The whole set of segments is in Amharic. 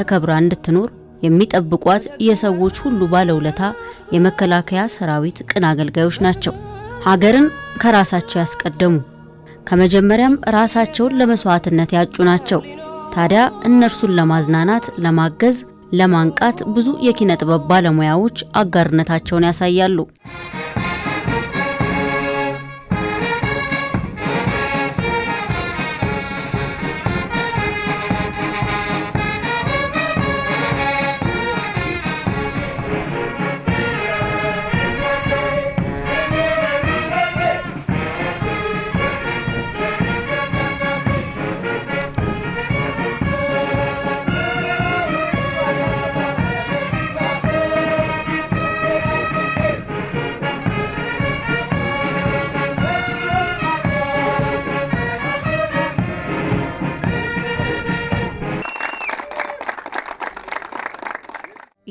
ተከብራ እንድትኖር የሚጠብቋት የሰዎች ሁሉ ባለውለታ የመከላከያ ሰራዊት ቅን አገልጋዮች ናቸው። ሀገርን ከራሳቸው ያስቀደሙ ከመጀመሪያም ራሳቸውን ለመስዋዕትነት ያጩ ናቸው። ታዲያ እነርሱን ለማዝናናት፣ ለማገዝ፣ ለማንቃት ብዙ የኪነ ጥበብ ባለሙያዎች አጋርነታቸውን ያሳያሉ።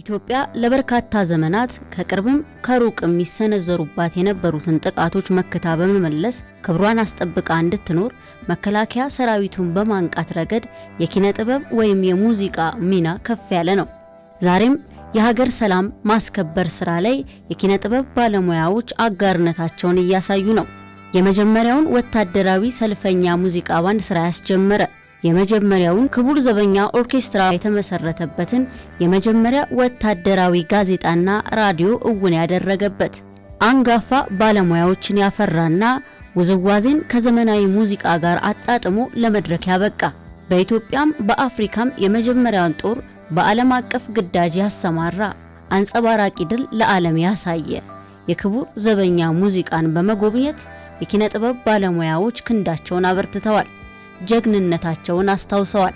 ኢትዮጵያ ለበርካታ ዘመናት ከቅርብም ከሩቅም የሚሰነዘሩባት የነበሩትን ጥቃቶች መክታ በመመለስ ክብሯን አስጠብቃ እንድትኖር መከላከያ ሰራዊቱን በማንቃት ረገድ የኪነ ጥበብ ወይም የሙዚቃ ሚና ከፍ ያለ ነው። ዛሬም የሀገር ሰላም ማስከበር ስራ ላይ የኪነ ጥበብ ባለሙያዎች አጋርነታቸውን እያሳዩ ነው። የመጀመሪያውን ወታደራዊ ሰልፈኛ ሙዚቃ ባንድ ስራ ያስጀመረ የመጀመሪያውን ክቡር ዘበኛ ኦርኬስትራ የተመሰረተበትን የመጀመሪያ ወታደራዊ ጋዜጣና ራዲዮ እውን ያደረገበት አንጋፋ ባለሙያዎችን ያፈራና ውዝዋዜን ከዘመናዊ ሙዚቃ ጋር አጣጥሞ ለመድረክ ያበቃ በኢትዮጵያም በአፍሪካም የመጀመሪያውን ጦር በዓለም አቀፍ ግዳጅ ያሰማራ አንጸባራቂ ድል ለዓለም ያሳየ የክቡር ዘበኛ ሙዚቃን በመጎብኘት የኪነ ጥበብ ባለሙያዎች ክንዳቸውን አበርትተዋል። ጀግንነታቸውን አስታውሰዋል።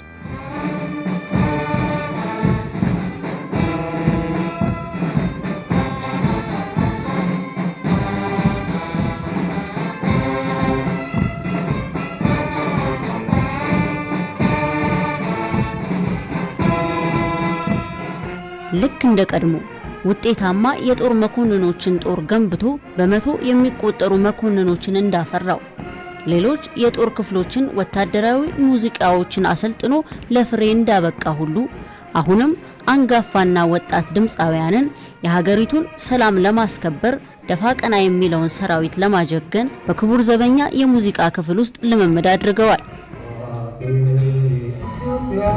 ልክ እንደ ቀድሞ ውጤታማ የጦር መኮንኖችን ጦር ገንብቶ በመቶ የሚቆጠሩ መኮንኖችን እንዳፈራው ሌሎች የጦር ክፍሎችን ወታደራዊ ሙዚቃዎችን አሰልጥኖ ለፍሬ እንዳበቃ ሁሉ አሁንም አንጋፋና ወጣት ድምፃውያንን የሀገሪቱን ሰላም ለማስከበር ደፋ ቀና የሚለውን ሰራዊት ለማጀገን በክቡር ዘበኛ የሙዚቃ ክፍል ውስጥ ልምምድ አድርገዋል። ኢትዮጵያ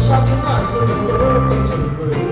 Satın nasıl olur kaçırmıyor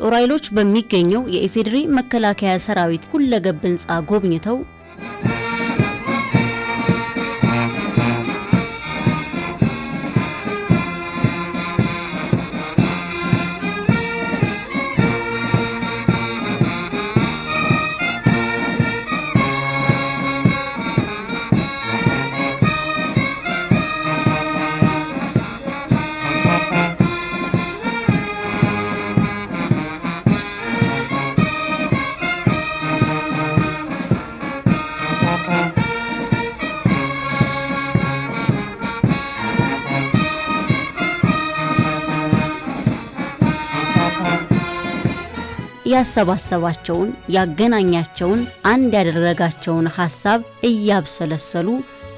ጦር ኃይሎች በሚገኘው የኢፌዴሪ መከላከያ ሰራዊት ሁለገብ ህንፃ ጎብኝተው ያሰባሰባቸውን ያገናኛቸውን አንድ ያደረጋቸውን ሐሳብ እያብሰለሰሉ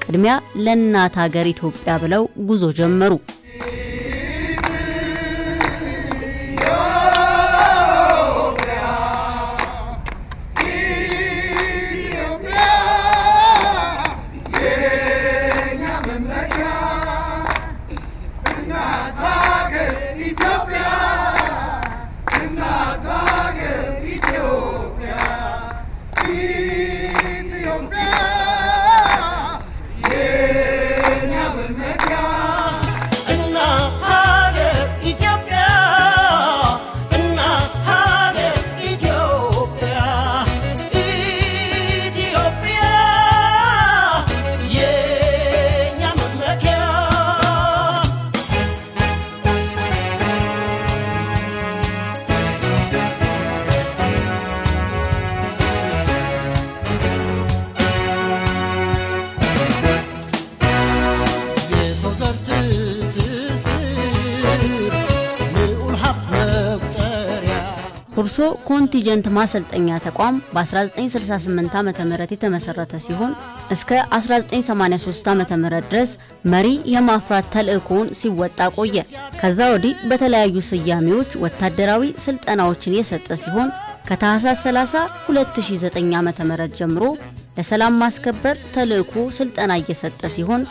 ቅድሚያ ለእናት አገር ኢትዮጵያ ብለው ጉዞ ጀመሩ። የኮብሶ ኮንቲጀንት ማሰልጠኛ ተቋም በ1968 ም የተመሰረተ ሲሆን እስከ 1983 ም ድረስ መሪ የማፍራት ተልእኮውን ሲወጣ ቆየ። ከዛ ወዲህ በተለያዩ ስያሜዎች ወታደራዊ ስልጠናዎችን የሰጠ ሲሆን ከታህሳስ 30 2009 ዓ.ም ጀምሮ ለሰላም ማስከበር ተልዕኮ ስልጠና እየሰጠ ሲሆን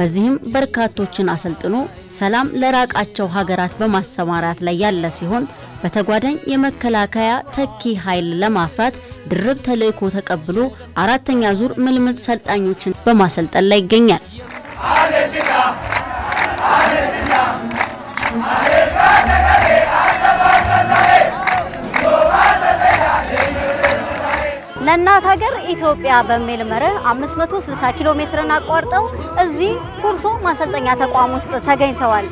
በዚህም በርካቶችን አሰልጥኖ ሰላም ለራቃቸው ሀገራት በማሰማራት ላይ ያለ ሲሆን በተጓዳኝ የመከላከያ ተኪ ኃይል ለማፍራት ድርብ ተልእኮ ተቀብሎ አራተኛ ዙር ምልምል ሰልጣኞችን በማሰልጠን ላይ ይገኛል። ለእናት ሀገር ኢትዮጵያ በሚል መርህ 560 ኪሎ ሜትርን አቋርጠው እዚህ ኩርሶ ማሰልጠኛ ተቋም ውስጥ ተገኝተዋል።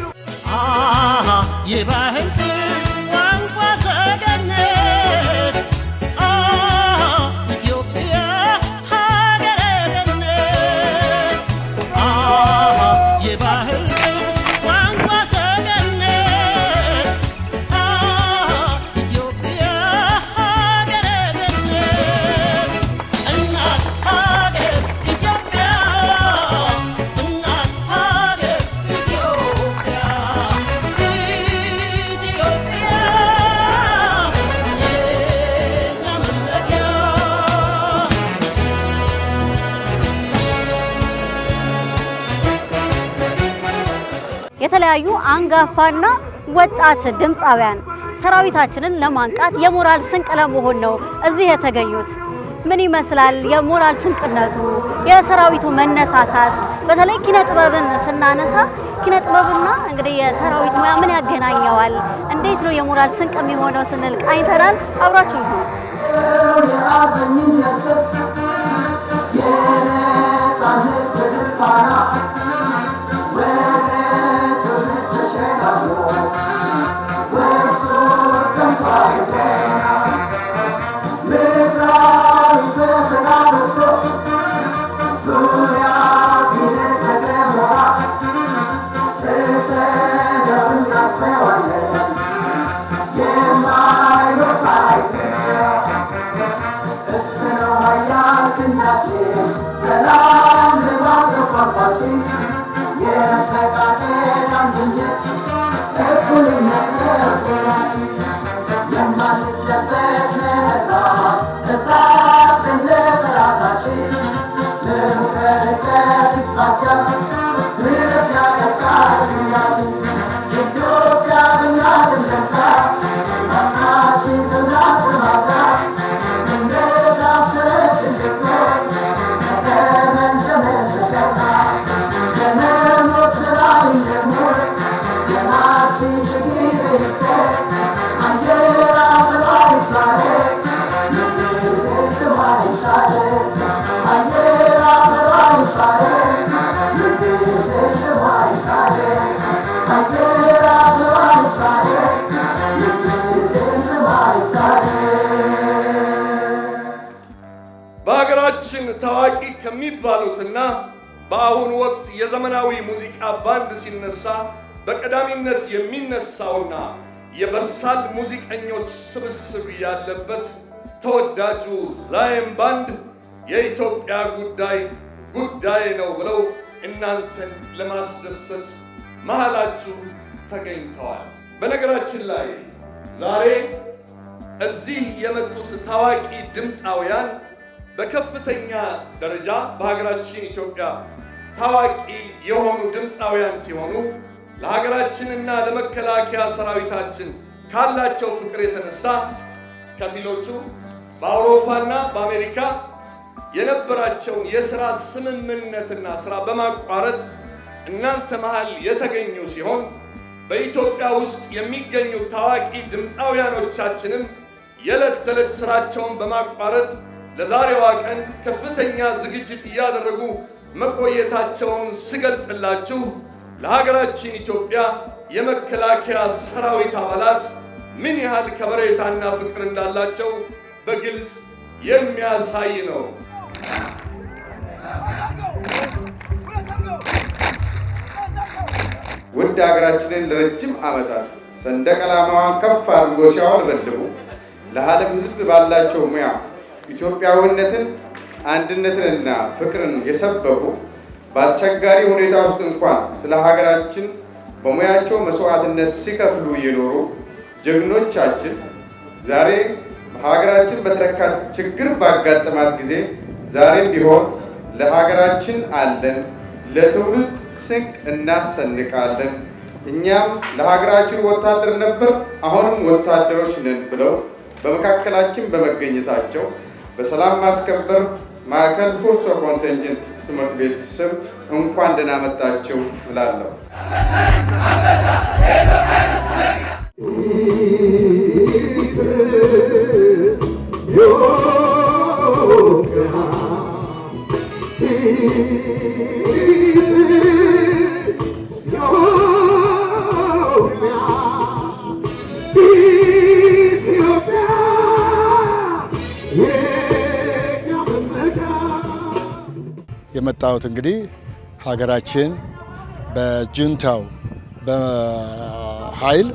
የተለያዩ አንጋፋና ወጣት ድምፃውያን ሰራዊታችንን ለማንቃት የሞራል ስንቅ ለመሆን ነው እዚህ የተገኙት። ምን ይመስላል የሞራል ስንቅነቱ፣ የሰራዊቱ መነሳሳት? በተለይ ኪነ ጥበብን ስናነሳ ኪነ ጥበብና እንግዲህ የሰራዊት ሙያ ምን ያገናኘዋል? እንዴት ነው የሞራል ስንቅ የሚሆነው ስንል ቃኝተናል። አብራችሁ ነው Thank you. የሚባሉትና በአሁኑ ወቅት የዘመናዊ ሙዚቃ ባንድ ሲነሳ በቀዳሚነት የሚነሳውና የበሳል ሙዚቀኞች ስብስብ ያለበት ተወዳጁ ዛይን ባንድ የኢትዮጵያ ጉዳይ ጉዳይ ነው ብለው እናንተን ለማስደሰት መሃላችሁ ተገኝተዋል። በነገራችን ላይ ዛሬ እዚህ የመጡት ታዋቂ ድምፃውያን በከፍተኛ ደረጃ በሀገራችን ኢትዮጵያ ታዋቂ የሆኑ ድምፃውያን ሲሆኑ ለሀገራችንና ለመከላከያ ሰራዊታችን ካላቸው ፍቅር የተነሳ ከፊሎቹ በአውሮፓና በአሜሪካ የነበራቸውን የስራ ስምምነትና ስራ በማቋረጥ እናንተ መሃል የተገኙ ሲሆን በኢትዮጵያ ውስጥ የሚገኙ ታዋቂ ድምፃውያኖቻችንም የዕለት ተዕለት ስራቸውን በማቋረጥ ለዛሬዋ ቀን ከፍተኛ ዝግጅት እያደረጉ መቆየታቸውን ስገልጽላችሁ ለሀገራችን ኢትዮጵያ የመከላከያ ሰራዊት አባላት ምን ያህል ከበሬታና ፍቅር እንዳላቸው በግልጽ የሚያሳይ ነው። ውድ ሀገራችንን ለረጅም ዓመታት ሰንደቅ ዓላማዋን ከፍ አድርጎ ሲያውለበልቡ ለዓለም ሕዝብ ባላቸው ሙያ ኢትዮጵያዊነትን አንድነትንና ፍቅርን የሰበኩ በአስቸጋሪ ሁኔታ ውስጥ እንኳን ስለ ሀገራችን በሙያቸው መስዋዕትነት ሲከፍሉ የኖሩ ጀግኖቻችን ዛሬ ሀገራችን በተረካ ችግር ባጋጠማት ጊዜ ዛሬም ቢሆን ለሀገራችን አለን፣ ለትውልድ ስንቅ እናሰንቃለን፣ እኛም ለሀገራችን ወታደር ነበር፣ አሁንም ወታደሮች ነን ብለው በመካከላችን በመገኘታቸው በሰላም ማስከበር ማዕከል ኮርሶ ኮንቴንጀንት ትምህርት ቤት ስም እንኳን ደህና መጣችሁ እላለሁ። የመጣሁት እንግዲህ ሀገራችን በጁንታው በኃይል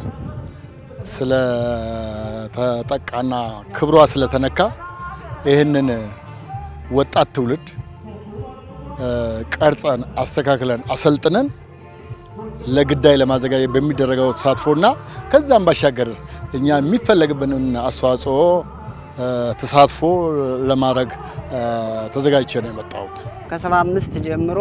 ስለተጠቃና ክብሯ ስለተነካ ይህንን ወጣት ትውልድ ቀርጸን አስተካክለን አሰልጥነን ለግዳይ ለማዘጋጀት በሚደረገው ተሳትፎና ከዛም ባሻገር እኛ የሚፈለግብንን አስተዋጽኦ ተሳትፎ ለማድረግ ተዘጋጅቼ ነው የመጣሁት። ከሰባ አምስት ጀምሮ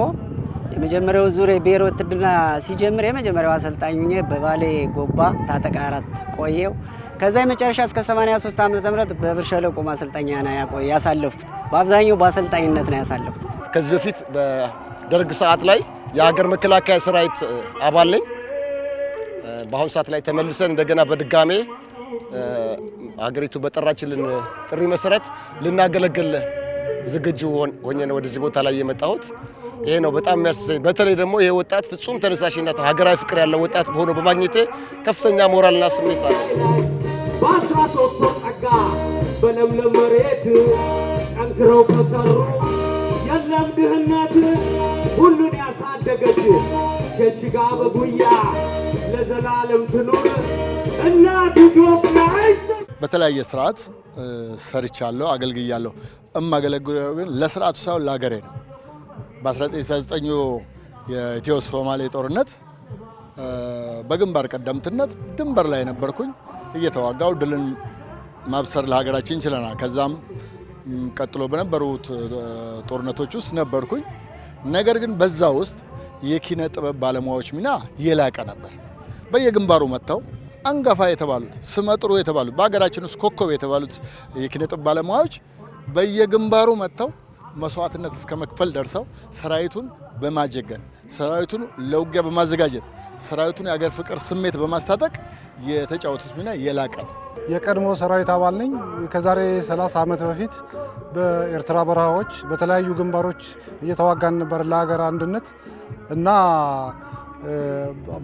የመጀመሪያው ዙር የብሔራዊ ውትድርና ሲጀምር የመጀመሪያው አሰልጣኝ በባሌ ጎባ ታጠቃ አራት ቆየው። ከዛ የመጨረሻ እስከ 83 ዓመተ ምህረት በብር ሸለቆ ማሰልጠኛ ነው ያሳለፍኩት። በአብዛኛው በአሰልጣኝነት ነው ያሳለፍኩት። ከዚህ በፊት በደርግ ሰዓት ላይ የሀገር መከላከያ ሰራዊት አባል ነኝ። በአሁኑ ሰዓት ላይ ተመልሰን እንደገና በድጋሜ አገሪቱ በጠራችልን ጥሪ መሰረት ልናገለግል ዝግጁ ሆኜ ወደዚህ ቦታ ላይ የመጣሁት ይሄ ነው። በጣም የሚያስሰኝ በተለይ ደግሞ ይሄ ወጣት ፍጹም ተነሳሽነት ሀገራዊ ፍቅር ያለው ወጣት ሆኖ በማግኘቴ ከፍተኛ ሞራልና ስሜት አለ። በአስራ ሶስት በለምለም መሬት ጠንክረው ከሰሩ የለም ድህነት ሁሉን ያሳደገች ሸሽጋ በጉያ ለዘላለም ትኑር እናት ኢትዮጵያ። በተለያየ ስርዓት ሰርቻለሁ፣ አገልግያለሁ። እማገለግለው ግን ለስርዓቱ ሳይሆን ለሀገሬ ነው። በ1999 የኢትዮ ሶማሌ ጦርነት በግንባር ቀደምትነት ድንበር ላይ ነበርኩኝ። እየተዋጋው ድልን ማብሰር ለሀገራችን ችለናል። ከዛም ቀጥሎ በነበሩት ጦርነቶች ውስጥ ነበርኩኝ። ነገር ግን በዛ ውስጥ የኪነ ጥበብ ባለሙያዎች ሚና የላቀ ነበር። በየግንባሩ መጥተው አንጋፋ የተባሉት ስመጥሩ የተባሉት በሀገራችን ውስጥ ኮከብ የተባሉት የኪነ ባለሙያዎች በየግንባሩ መጥተው መስዋዕትነት እስከ መክፈል ደርሰው ሰራዊቱን በማጀገን ሰራዊቱን ለውጊያ በማዘጋጀት ሰራዊቱን የአገር ፍቅር ስሜት በማስታጠቅ የተጫወቱት ሚና የላቀ ነው። የቀድሞ ሰራዊት አባል ነኝ። ከዛሬ 30 ዓመት በፊት በኤርትራ በረሃዎች በተለያዩ ግንባሮች እየተዋጋን ነበር ለሀገር አንድነት እና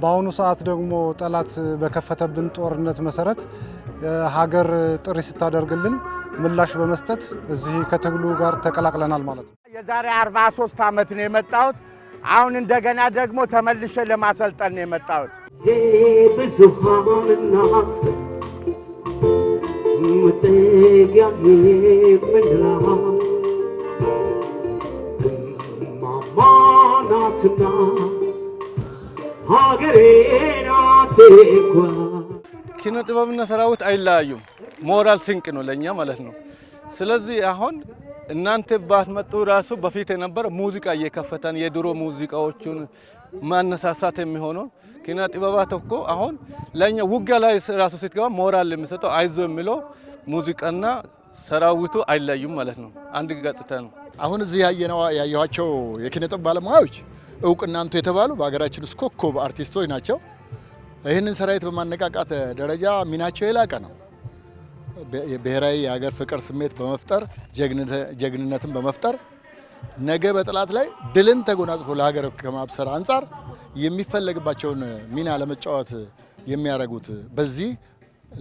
በአሁኑ ሰዓት ደግሞ ጠላት በከፈተብን ጦርነት መሰረት ሀገር ጥሪ ስታደርግልን ምላሽ በመስጠት እዚህ ከትግሉ ጋር ተቀላቅለናል ማለት ነው። የዛሬ 43 ዓመት ነው የመጣሁት። አሁን እንደገና ደግሞ ተመልሼ ለማሰልጠን ነው የመጣሁት። የብዙሃን እናት መጠጊያ ምድራ እማማ ናትና ሀገሬን ኪነ ጥበብና ሰራዊት አይለያዩም። ሞራል ስንቅ ነው ለእኛ ማለት ነው። ስለዚህ አሁን እናንተ ባትመጡ ራሱ በፊት የነበረ ሙዚቃ እየከፈተን የድሮ ሙዚቃዎቹን ማነሳሳት የሚሆነው ኪነ ጥበባት እኮ አሁን ለእኛ ውጊያ ላይ ራሱ ስትገባ ሞራል የሚሰጠው አይዞ የሚለው ሙዚቃና ሰራዊቱ አይለዩም ማለት ነው። አንድ ገጽታ ነው። አሁን እዚህ ያየነዋ ያየኋቸው የኪነ ጥበብ ባለሙያዎች እውቅ እናንቱ የተባሉ በሀገራችን ውስጥ ኮከብ አርቲስቶች ናቸው። ይህንን ሰራዊት በማነቃቃት ደረጃ ሚናቸው የላቀ ነው። ብሔራዊ የሀገር ፍቅር ስሜት በመፍጠር ጀግንነትን በመፍጠር ነገ በጠላት ላይ ድልን ተጎናጽፎ ለሀገር ከማብሰር አንጻር የሚፈለግባቸውን ሚና ለመጫወት የሚያደርጉት በዚህ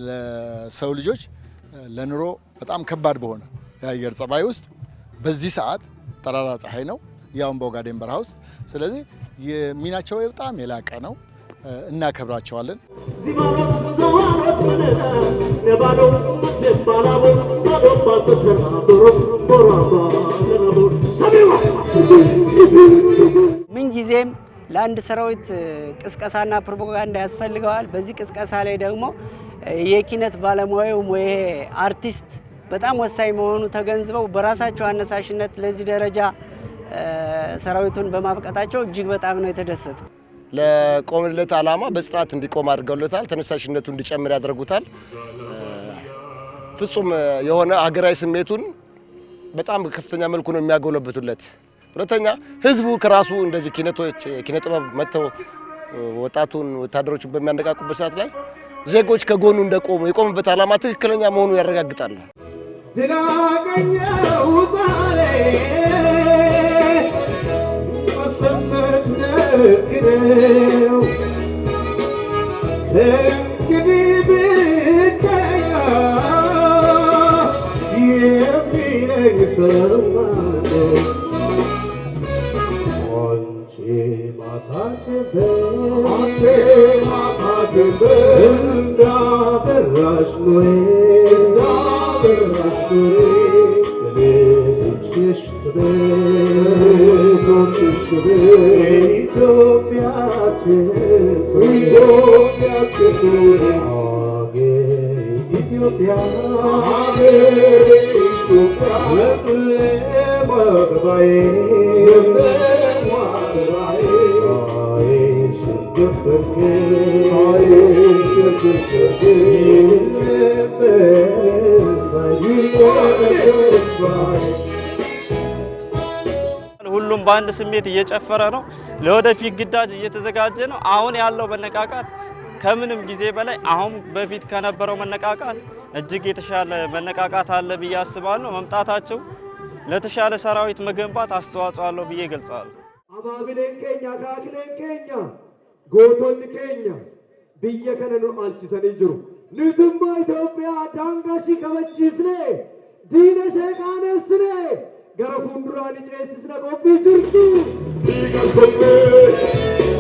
ለሰው ልጆች ለኑሮ በጣም ከባድ በሆነ የአየር ጸባይ ውስጥ በዚህ ሰዓት ጠራራ ፀሐይ ነው። ያውን በኦጋዴን በረሃ ውስጥ። ስለዚህ የሚናቸው በጣም የላቀ ነው፣ እናከብራቸዋለን። ምንጊዜም ለአንድ ሰራዊት ቅስቀሳና ፕሮፓጋንዳ ያስፈልገዋል። በዚህ ቅስቀሳ ላይ ደግሞ የኪነት ባለሙያውም ይሄ አርቲስት በጣም ወሳኝ መሆኑ ተገንዝበው በራሳቸው አነሳሽነት ለዚህ ደረጃ ሰራዊቱን በማብቃታቸው እጅግ በጣም ነው የተደሰቱ። ለቆምለት አላማ በጽናት እንዲቆም አድርገውለታል። ተነሳሽነቱ እንዲጨምር ያደርጉታል። ፍጹም የሆነ ሀገራዊ ስሜቱን በጣም ከፍተኛ መልኩ ነው የሚያጎለብቱለት። ሁለተኛ ህዝቡ ከራሱ እንደዚህ ኪነቶች ኪነጥበብ መጥተው ወጣቱን ወታደሮቹን በሚያነቃቁበት ሰዓት ላይ ዜጎች ከጎኑ እንደቆሙ የቆሙበት ዓላማ ትክክለኛ መሆኑን ያረጋግጣል። sevgilim Sen gibi bir teyda Yemine sarılmadım Antima tacbe Antima tacbe Enda berraşmure Enda berraşmure Beni tutuşturuyor Tutuşturuyor ኢትዮጵያ ሁሉም በአንድ ስሜት እየጨፈረ ነው። ለወደፊት ግዳጅ እየተዘጋጀ ነው። አሁን ያለው መነቃቃት ከምንም ጊዜ በላይ አሁን በፊት ከነበረው መነቃቃት እጅግ የተሻለ መነቃቃት አለ ብዬ አስባለሁ። መምጣታቸው ለተሻለ ሰራዊት መገንባት አስተዋጽኦ አለው ብዬ ገልጻለሁ። አባብሌን ኬኛ ካክሌን ብየ ከነኑ አልችሰን እንጅሩ ንቱማ ኢትዮጵያ ዳንጋሺ ከመቺስኔ ዲነ ሸቃነስነ ገረፉን ዱራን ጨስስነ ቆቢ ጅርቱ ቢቀልኮሜ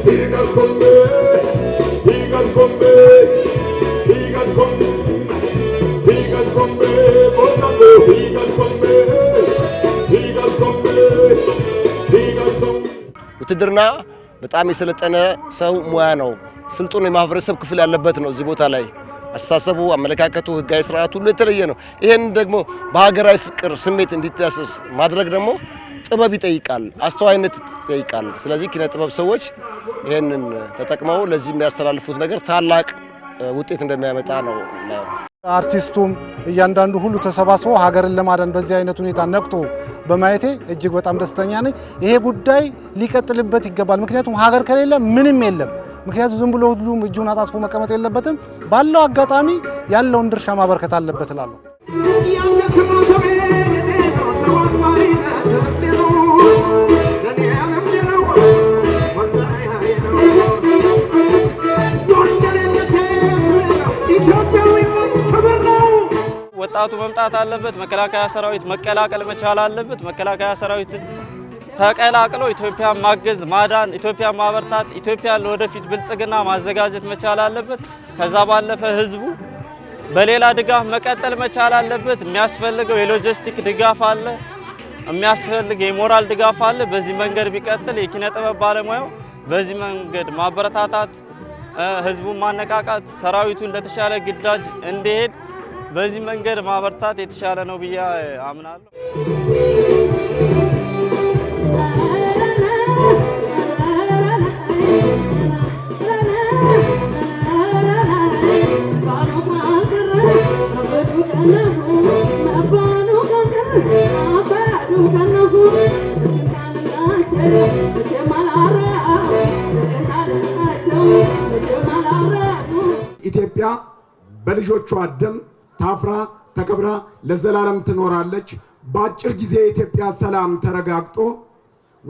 ቢቀልኮሜ ውትድርና በጣም የሰለጠነ ሰው ሙያ ነው። ስልጡን የማህበረሰብ ክፍል ያለበት ነው። እዚህ ቦታ ላይ አስተሳሰቡ፣ አመለካከቱ፣ ህጋዊ ስርዓቱ ሁሉ የተለየ ነው። ይህን ደግሞ በሀገራዊ ፍቅር ስሜት እንዲዳሰስ ማድረግ ደግሞ ጥበብ ይጠይቃል፣ አስተዋይነት ይጠይቃል። ስለዚህ ኪነ ጥበብ ሰዎች ይህንን ተጠቅመው ለዚህ የሚያስተላልፉት ነገር ታላቅ ውጤት እንደሚያመጣ ነው። አርቲስቱም እያንዳንዱ ሁሉ ተሰባስቦ ሀገርን ለማዳን በዚህ አይነት ሁኔታ ነቅቶ በማየቴ እጅግ በጣም ደስተኛ ነኝ። ይሄ ጉዳይ ሊቀጥልበት ይገባል። ምክንያቱም ሀገር ከሌለ ምንም የለም። ምክንያቱም ዝም ብሎ ሁሉም እጁን አጣጥፎ መቀመጥ የለበትም። ባለው አጋጣሚ ያለውን ድርሻ ማበርከት አለበት እላለሁ። ወጣቱ መምጣት አለበት። መከላከያ ሰራዊት መቀላቀል መቻል አለበት። መከላከያ ሰራዊት ተቀላቅሎ ኢትዮጵያን ማገዝ፣ ማዳን፣ ኢትዮጵያን ማበርታት፣ ኢትዮጵያን ለወደፊት ብልጽግና ማዘጋጀት መቻል አለበት። ከዛ ባለፈ ህዝቡ በሌላ ድጋፍ መቀጠል መቻል አለበት። የሚያስፈልገው የሎጂስቲክ ድጋፍ አለ፣ የሚያስፈልገው የሞራል ድጋፍ አለ። በዚህ መንገድ ቢቀጥል የኪነ ጥበብ ባለሙያው በዚህ መንገድ ማበረታታት፣ ህዝቡን ማነቃቃት፣ ሰራዊቱን ለተሻለ ግዳጅ እንዲሄድ በዚህ መንገድ ማበርታት የተሻለ ነው ብዬ አምናለሁ። ኢትዮጵያ በልጆቿ ደም ታፍራ ተከብራ ለዘላለም ትኖራለች። በአጭር ጊዜ የኢትዮጵያ ሰላም ተረጋግጦ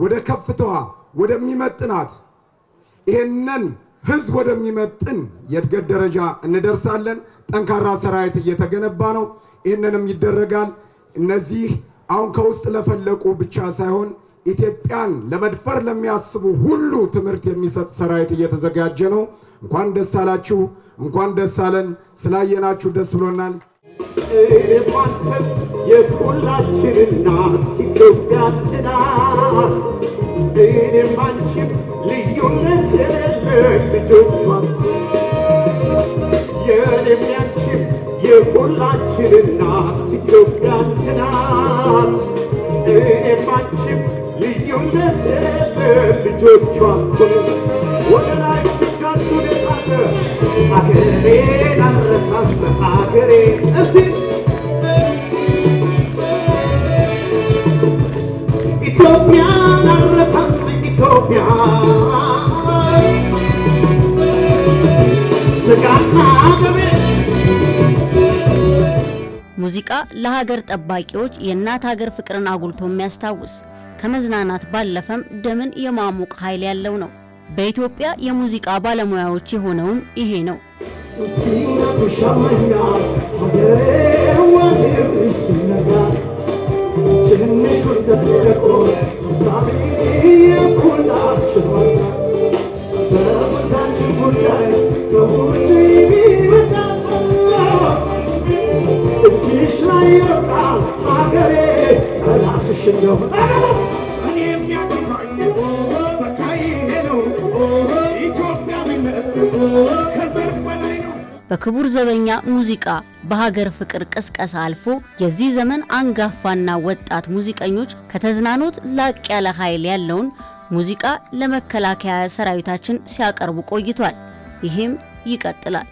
ወደ ከፍታዋ ወደሚመጥናት ይህንን ህዝብ ወደሚመጥን የእድገት ደረጃ እንደርሳለን። ጠንካራ ሰራዊት እየተገነባ ነው። ይህንንም ይደረጋል። እነዚህ አሁን ከውስጥ ለፈለቁ ብቻ ሳይሆን ኢትዮጵያን ለመድፈር ለሚያስቡ ሁሉ ትምህርት የሚሰጥ ሰራዊት እየተዘጋጀ ነው። እንኳን ደስ አላችሁ፣ እንኳን ደስ አለን። ስላየናችሁ ደስ ብሎናል። የሁላችን እናት ኢትዮጵያ እኔም አንቺም ልዩነት የለን ልጆቿ ያንቺም የሁላችን እናት እኔም አንቺም ልዩነት ልጆቿ ሙዚቃ ለሀገር ጠባቂዎች የእናት ሀገር ፍቅርን አጉልቶ የሚያስታውስ ከመዝናናት ባለፈም ደምን የማሞቅ ኃይል ያለው ነው። በኢትዮጵያ የሙዚቃ ባለሙያዎች የሆነውም ይሄ ነው። በክቡር ዘበኛ ሙዚቃ በሀገር ፍቅር ቅስቀሳ አልፎ የዚህ ዘመን አንጋፋና ወጣት ሙዚቀኞች ከተዝናኖት ላቅ ያለ ኃይል ያለውን ሙዚቃ ለመከላከያ ሰራዊታችን ሲያቀርቡ ቆይቷል። ይህም ይቀጥላል።